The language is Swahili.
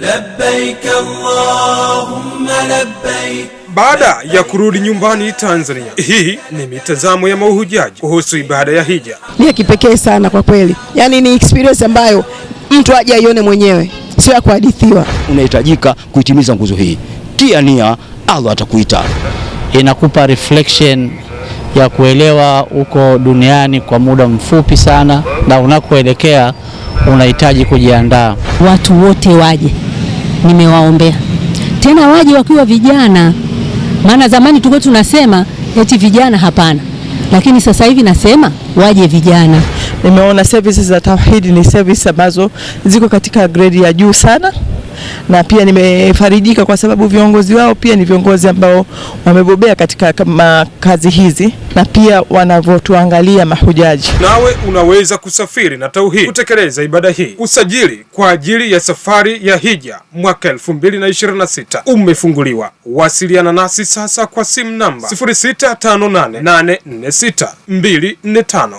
Labbaik Baada ya kurudi nyumbani Tanzania, hii ni mitazamo ya mahujaji kuhusu ibada ya hija. Ni ya kipekee sana kwa kweli, yaani ni experience ambayo mtu aje aione mwenyewe, sio ya kuhadithiwa. Unahitajika kuitimiza nguzo hii, tia nia, Allah atakuita. Inakupa reflection ya kuelewa uko duniani kwa muda mfupi sana, na unakoelekea unahitaji kujiandaa. Watu wote waje nimewaombea tena waje wakiwa vijana, maana zamani tulikuwa tunasema eti vijana hapana, lakini sasa hivi nasema waje vijana. Nimeona services za Tauhid ni services ambazo ziko katika grade ya juu sana na pia nimefarijika kwa sababu viongozi wao pia ni viongozi ambao wamebobea katika kama kazi hizi na pia wanavyotuangalia mahujaji. Nawe unaweza kusafiri na tauhid kutekeleza ibada hii. Usajili kwa ajili ya safari ya hija mwaka 2026 umefunguliwa. Wasiliana nasi sasa kwa simu namba 0658846245.